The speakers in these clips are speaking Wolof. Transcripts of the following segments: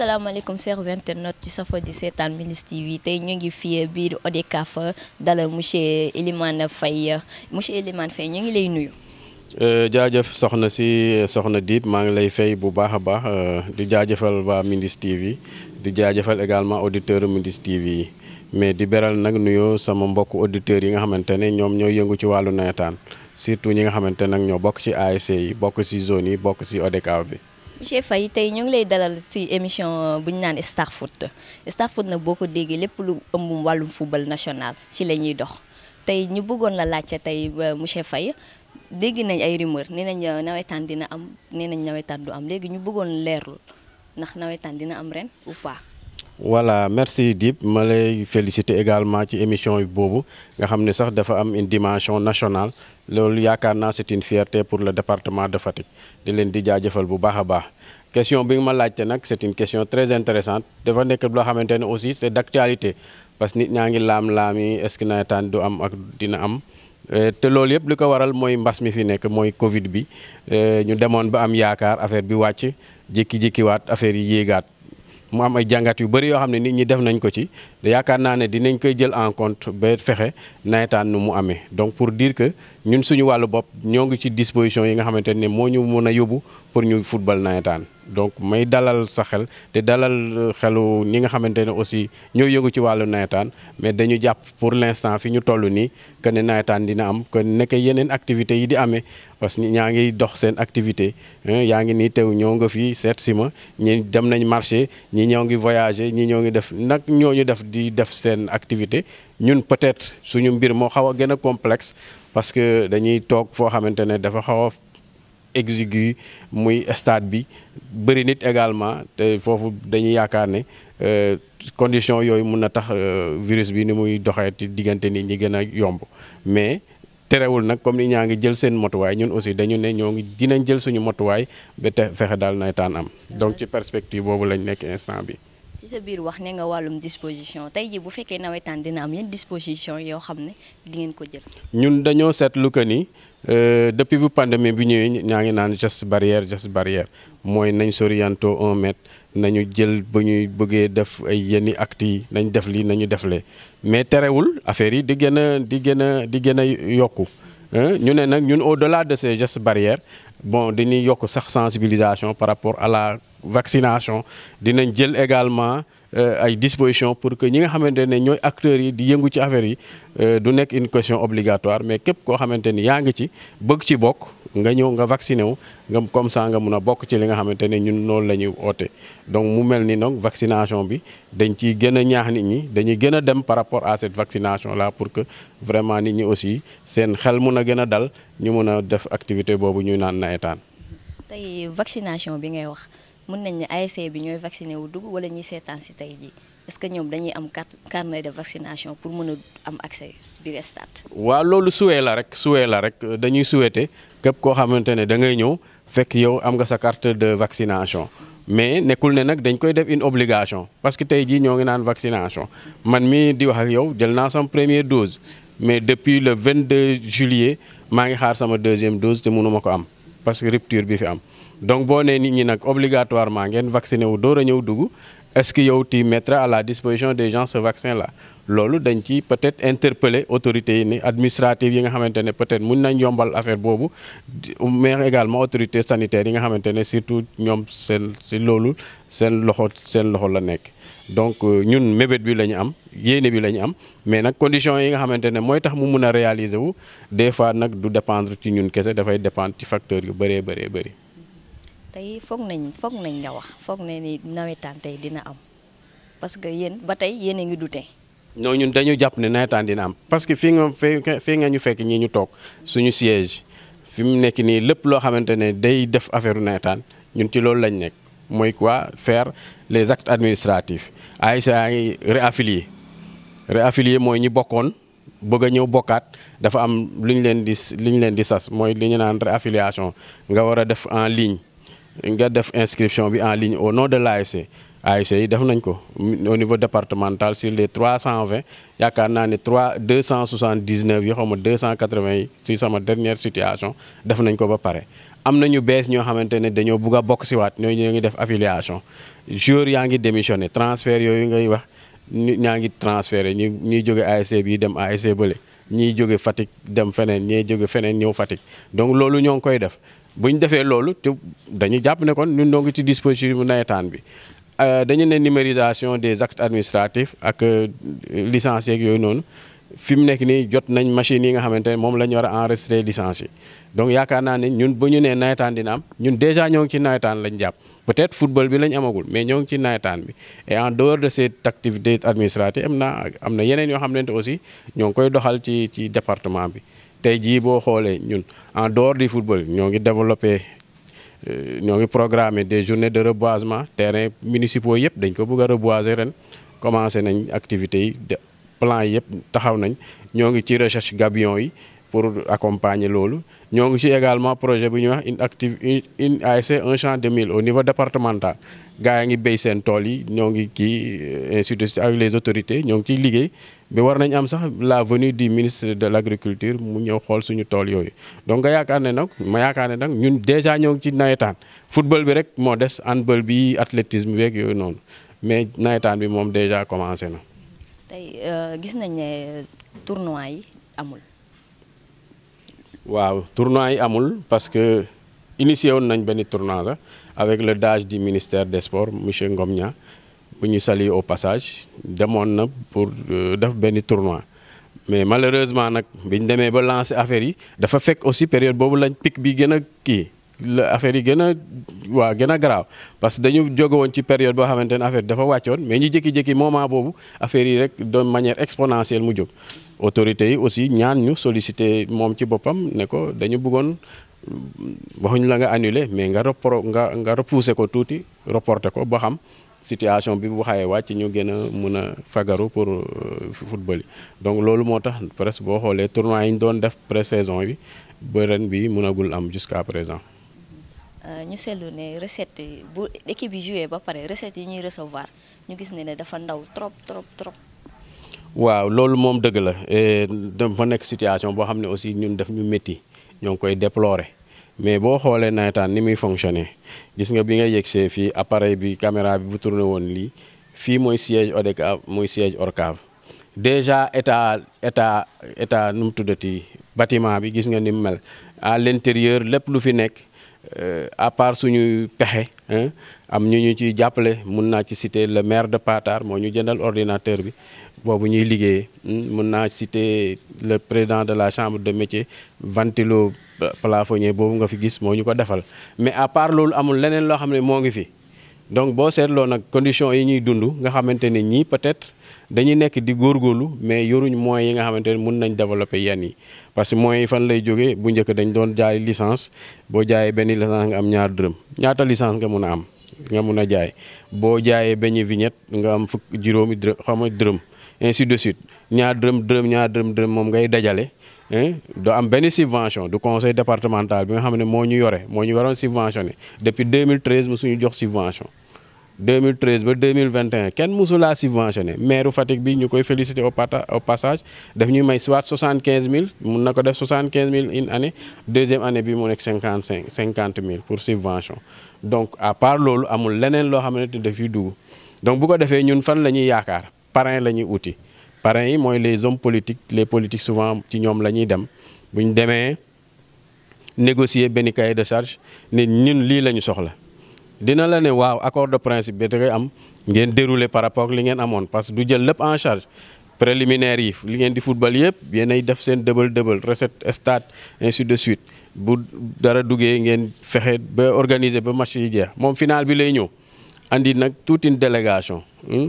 asalaamaaleykum chers internautes ci safo di seetaan Mindiss TV tey ñu ngi fii biir ODCAV dalal monsieur Elimane Faye monsieur Elimane Faye ñu ngi lay nuyu. Euh, jaajëf soxna si soxna diit maa ngi lay fay bu baax a baax euh, di jaajëfal waa Mindiss TV di jaajëfal également auditeurs Mindiss TV yi mais di beral nag nuyoo sama mbokk auditeurs yi nga xamante ne ñoom ñoo yëngu ci wàllu nawetaan surtout ñi nga xamante nag ñoo bokk ci ASC yi bokk ci zone yi bokk ci ODCAV bi. monsieur Faye tey ñoo ngi lay dalal ci émission bu ñu naan Star Foot Star Foot boo ko déggee lépp lu ëmb wàllum football national ci la ñuy dox tey ñu bëggoon la laajte tey euh, monsieur fay dégg nañ ay rumeur nee nañ euh, nawetaan dina am nee nañ nawetaan du am léegi ñu bëggoon leerlu ndax nawetaan dina am ren ou voilà merci Dip ma lay féliciter également ci émission yi boobu nga xam ne sax dafa am une dimension nationale loolu yaakaar naa c'est une fierté pour le département de Fatick di leen di jaajëfal bu baax a baax question bi nga ma laajte nag c'est une question très intéressante dafa nekk loo xamante ne aussi se d'actualité parce que nit ñaa ngi laam-laam yi est-ce du am ak dina am euh, te loolu yëpp li ko waral mooy mbas mi fi nekk mooy Covid bi euh, ñu demoon ba am yaakaar affaire bi wàcc jékki affaire yi yéegaat. mu am ay jàngat yu bëri yoo xam ne nit ñi def nañ ko ci yaakaar naa ne dinañ koy jël en contre ba fexe nawetaan nu mu amee donc pour diir que ñun suñu wàllu bopp ñoo ngi ci disposition yi nga xamante ne moo ñu mën a yóbbu pour ñu football nawetaan donc may dalal sa xel te dalal euh, xelu ni nga xamante ne aussi ñoo yëgu ci wàllu nawetaan mais dañu jàpp pour l'instant fi ñu toll nii que ne nawetaan dina am que nekk yeneen activités yi di amee parce que ñaa ngi dox seen activité yaa ngi nii tew ñoo nga fii seet si ma ñi dem nañ marché ñi ñoo ngi voyager ñi ñoo ngi def nag ñoo ñu def di def seen activité ñun peut-être suñu mbir moo xaw a gën a complexe parce que dañuy toog foo xamante ne dafa xaw a exigu muy stade bi bari nit également te foofu dañuy yaakaar ne euh, condition yooyu mun na tax euh, virus bi ni muy doxee ci diggante ni ñi gën a yomb mais terewul nag comme ni ñaa ngi jël seen motuwaay ñun aussi dañu ne ñoo ngi dinañ jël suñu motuwaay ba te fexe daal nawetaan am donc ci perspective boobu lañ nekk instant bi ci sa biir wax ne nga wàllum disposition tey jii bu fekkee nawetaan dina am yenn disposition yoo xam ne di ngeen ko jël ñun dañoo seetlu que ni Euh, depuis bu pandémie bi ñëwee ñaa ngi naan geste barrière geste barrière mooy nañ soriantoo un mètre nañu jël ba ñuy bëggee def ay yenni acti nañ def lii nañu def mais terewul affaire yi di gën a di gën a di gën a yokku ñu ne nag ñun au delà de ces gestes barrières bon di dañuy yokk sax sensibilisation par rapport à la vaccination dinañ jël également Euh, ay dispositions pour que ñi nga xamante ne ñooy acteurs yi di yëngu ci affaire yi euh, du nekk une question obligatoire mais képp koo xamante ni yaa ngi ci bëgg ci bokk nga ñëw nga vacciné wu nga comme sa nga mun a bokk ci li nga xamante ne ñun noonu la ñuy oote donc mu mel ni donc vaccination bi dañ ciy gën a ñaax nit ñi dañuy gën a dem par rapport à cette vaccination là pour que vraiment nit ñi aussi seen xel mun a gën a dal ñu mun a def activité boobu ñuy naan nawetaan. mën nañ ni ne ASC bi ñooy vacciné wu dugg wala ñuy seetaan si tey jii est-ce que ñoom dañuy am carte carnet de vaccination pour mën a am accès biir stade. waaw loolu suwee la rek suwee la rek dañuy souhaité képp koo xamante ne da ngay ñëw fekk yow am nga sa carte de vaccination mais nekkul ne nag dañ koy def une obligation parce que tey jii ñoo ngi naan vaccination man mii di wax ak yow jël naa sama première dose mais depuis le vingt deux juillet maa ngi xaar sama deuxième dose te mënuma ko am. parce que rupture bi fi am donc boo nee nit ñi nag obligatoirement ngeen vacciné wu door a ñëw dugg est-ce que yow tu mettras à la disposition des gens ce vaccin là loolu dañ ci peut-être interpeller autorité yi ni administrative yi nga xamante ne peut-être mun nañ yombal affaire boobu mais également autorités sanitaires yi nga xamante ne surtout ñoom seen si loolu seen loxo seen loxo la nekk donc euh, ñun mébét bi la ñu am yéene bi la ñu am mais nag condition yi nga xamante ne mooy tax mu mun a réaliser wu des fois nag du dépendre ci ñun kese dafay dépendre ci facteurs yu bëree bëree bëri. tey foog nañ foog nañ nga wax foog nañ ni nawetaan tey dina am parce que yéen ba tey yéen a ngi dute. non ñun dañu jàpp ne nawetaan dina am parce que fii nga fii nga ñu fekk ñi ñu toog suñu siège fi mu nekk nii lépp loo xamante ne day def affaire nawetaan ñun ci loolu lañ nekk mooy quoi faire les actes administratifs ASC ngi réaffilié réaffilié mooy ñi bokkoon bëgg ñëw bokkaat dafa am lu ñu leen di lu ñu leen di sas mooy li ñu naan réaffiliation nga war a def en ligne nga def inscription bi en ligne au nom de l'ASC ASC yi def nañ ko au niveau départemental sur les 320 yaakaar naa ne 3 279 yi xaw ma 280 yi si sama dernière situation def nañ ko ba pare am na ñu bees ñoo xamante ne dañoo bugg bokk siwaat waat ñoo ngi def affiliation joueur yaa ngi démissionné transfert yooyu ngay wax ñaa ngi transféré ñu ñuy jóge ASC bi dem ASC bële ñiy jóge Fatick dem feneen ñiy jóge feneen ñëw Fatick donc loolu ñoo ngi koy def bu ñu defee loolu te dañuy jàpp ne kon ñun ñoo ci dispositif bu nawetaan bi euh, dañu ne numérisation des actes administratifs ak euh, licenciés ak yooyu noonu fi mu nekk nii jot nañ machines yi nga xamante ne moom la ñu war a enregistré licencié donc yaakaar naa ne ñun bu ñu nee nawetaan dina am ñun dèjà ñoo ngi ci nawetaan lañ jàpp peut-être football bi lañ amagul mais ñoo ngi ci nawetaan bi et en dehors de cette activité administrative am na am na yeneen yoo xam ne aussi ñoo ngi koy doxal ci ci département bi tey jii boo xoolee ñun en dehors du football ñoo ngi développé euh, ñoo ngi programmé des journées de reboisement terrain municipaux yëpp dañ ko bëgg a reboiser ren commencé nañ activités yi de plan yëpp taxaw nañ ñoo ngi ci recherche gabion yi pour accompagner loolu ñoo ngi ci également projet bi ñu wax une active une ASC un champ de mille au niveau départemental gaa yi ngi béy seen tool yi ñoo ngi kii euh, institut ak les autorités ñoo ngi ciy liggéey bi war nañ am sax la venue du ministre de l' agriculture mu ñëw xool suñu tool yooyu donc nga yaakaar ne nag ma yaakaar ne nag ñun dèjà ñoo ngi ci nawetaan football bi rek moo des handball bi athlétisme beeg yooyu noonu mais nawetaan bi moom dèjà commencé na. tey euh, gis nañ yi amul. waaw tournoi yi amul parce que initié woon nañ benn tournoi la avec le DAGE du ministère des sports monsieur Ngom Nia bu ñu saluer au passage demoon na pour euh, def benn tournoi mais malheureusement nag bi ñu demee ba lancer affaire yi dafa fekk aussi période boobu lañ pic bi gën a kii. la affaire yi gën a waaw gën a garaaw que dañu jóge woon ci période boo xamante ne affaire dafa wàccoon mais ñu jékki-jékki moment boobu affaire yi rek de manière exponentielle mu jóg autorités yi aussi ñaan ñu sollicité moom ci boppam ne ko dañu bëggoon waxuñ la nga annulé mais nga repro nga nga ko tuuti reporté ko ba xam situation bi bu xawee wàcc ñu gën a mun a fagaru pour euh, football yi donc loolu moo tax presque boo xoolee tournoi yi ñu doon def pré saison bi ba ren bi mënagul am jusqu'à présent Euh, ñu seetlu ne recette yi bu équipe yi ba pare recette yi ñuy recevoir ñu gis ne ne dafa ndaw trop trop trop. waaw loolu moom dëgg la fa nekk situation boo xam ne aussi ñun def ñu métti ñoo ngi koy déplorer mais boo xoolee nawetaan ni muy fonctionner gis nga bi nga yegsee fii appareil bi caméra bi bu tourné woon lii fii mooy siège ODCAV mooy siège ORCAV déjà état état état nu mu tuddati bâtiment bi gis nga ni mu mel à l'intérieur lépp lu fi nekk. Euh, à su suñuy pexe am ñu ñu ciy jàppale mun naa ci citer le maire de Patar moo ñu jëndal ordinateur bi boobu ñuy liggéeye hmm, mun naa citer le président de la chambre de métier ventilo plafonnier boobu nga fi gis moo ñu ko defal mais à part loolu amul leneen loo xam ne moo ngi fi donc boo seetloo nag conditions yi ñuy dund nga xamante ne ñii peut dañuy nekk di góorgóorlu mais yoruñ moyens yi nga xamante ne mun nañ développer yenn yi parce que moyens yi fan lay jógee bu njëkk dañ doon jaay licence boo jaayee benn licence nga am ñaar dërëm ñaata licence nga mun a am nga mun a jaay boo jaayee benn vignette nga am fukk juróomi dërëm xam dërëm ainsi de ñaar dërëm dërëm ñaar dërëm dërëm moom ngay dajale do am benn subvention du conseil départemental bi nga xam ne moo ñu yore moo ñu waroon subventionné depuis 2013 mu suñu jox subvention deux 2013 ba 2021 kenn mosulaa subventionné maire Fatick bi ñu koy félicité au pata au passage daf ñuy may soit 75000 mun na ko def 75000 une année deuxième année bi mu nekk 55 50000 pour subvention donc à part loolu amul leneen loo xamante ni daf yuy dugg donc bu ko defee ñun fan la ñuy yaakaar parrain la ñuy uti parrain yi mooy les hommes politiques les politiques souvent ci ñoom la ñuy dem bu ñu demee négocier benn cahier de charge ne ñun lii la ñu soxla. dina la ne waaw accord de principe bi da koy am ngeen dérouler par rapport li ngeen amoon parce que du jël lépp en charge préliminaire yi li ngeen di football yëpp ay def seen dëbal dëbal recette stade ainsi de suite bu dara duggee ngeen fexe ba organiser ba match yi jeex moom final bi lay ñëw andi nag toute une délégation hmm?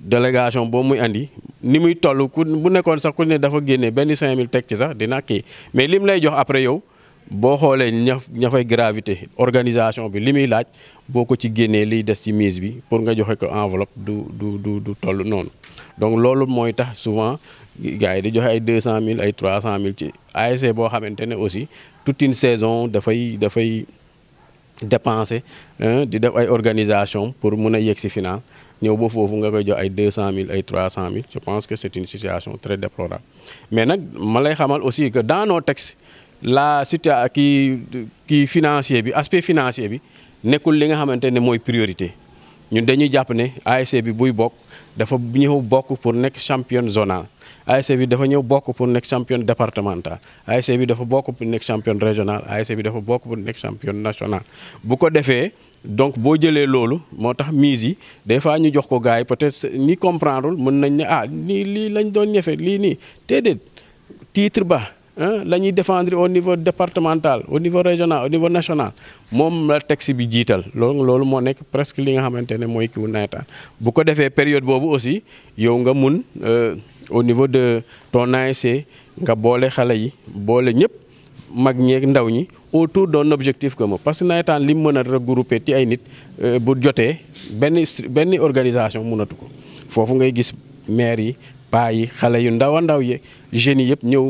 délégation boobu muy indi ni muy toll ku bu nekkoon sax ku ne dafa génnee benn mille teg ci sax dina ki mais lim lay jox après yow. boo xoolee ña ña fay gravité organisation bi li muy laaj boo ko ci génnee liy des ci mise bi pour nga joxe ko enveloppe du du du du toll noonu donc loolu mooy tax souvent gars yi di joxe ay deux cent mille ay trois cent mille ci boo xamante ne aussi toute une saison dafay dafay dépenser di def ay organisation pour mun a yegg si final ñëw ba foofu nga jox ay deux cent mille ay trois cent mille je pense que c'est une situation très déplorable mais nag ma lay xamal aussi que dans nos la situation kii kii financier bi aspect financier bi nekkul li nga xamante ne mooy priorité ñun dañuy jàpp ne ASC bi buy bokk dafa ñëw bokk pour nekk champion zonal ASC bi dafa ñëw bokk pour nekk champion départemental ASC bi dafa bokk pour nekk champion régional ASC bi dafa bokk pour nekk champion national bu ko defee donc boo jëlee loolu moo tax mise yi des fois ñu jox ko gars yi peut-être ni comprendre mën nañ ne ah nii lii lañ doon ñefe lii nii déedéet titre ba la ñuy défendre au niveau départemental au niveau régional au niveau national moom la texte bi jiital loolu loolu moo nekk presque li nga xamante ne mooy kiw nawetaan bu ko defee période boobu aussi yow nga mun euh, au niveau de ton ASC nga boole xale yi boole ñëpp mag ñeeg ndaw ñi autour doon objectif ko commun parce que nawetaan li mu mën a regrouper ci ay nit euh, bu jotee benn benn organisation mënatu ko foofu ngay gis maire yi paa yi xale yu ndaw a ndaw yi jeunes yi yëpp ñëw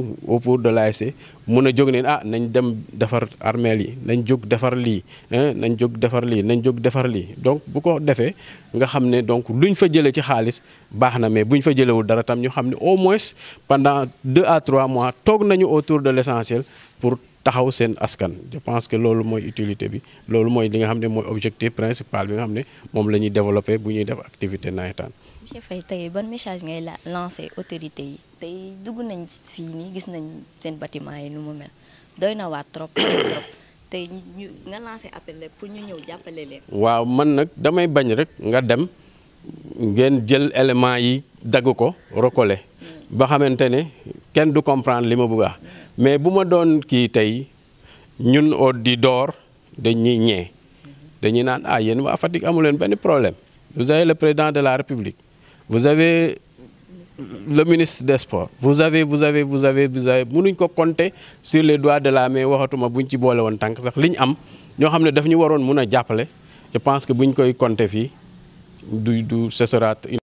pour de la l'ASC mun a jóg ne ah nañ dem defar armeel yi nañ jóg defar lii nañ jóg defar lii nañ jóg defar lii donc bu ko defee nga xam ne donc luñ fa jëlee ci xaalis baax na mais buñ fa jëlewul dara tam ñu xam ne au moins pendant deux à trois mois toog nañu autour de l'essentiel pour taxaw seen askan je pense que loolu mooy utilité bi loolu mooy li nga xam ne mooy objectif principal bi nga xam ne moom la ñuy développer bu ñuy def activité nawetaan monsieur Faye tey ban message ngay la lancé autorité yi tey dugg nañ fii nii gis nañ seen bâtiment yi nu mu mel doy na waat trop trop tey ñu nga lancé appel pour ñu ñëw jàppale leen. waaw man nag damay bañ rek nga dem ngeen jël élément yi dagg ko recoller mm. ba xamante ne kenn du comprendre li ma bëgg mm. mais bu ma doon kii tey ñun au di door dañuy ñee mm-hmm. dañu naan ah yéen waa Fatick amu leen benn problème vous avez le président de la République vous avez le ministre des sports vous avez vous avez vous avez vous avez mënuñ ko compter sur les doigts de la mais waxatuma bu buñ ci boole woon tànk sax li ñu am ñoo xam ne daf ñu waroon mun a jàppale je pense que bu buñ koy compter fii du du ce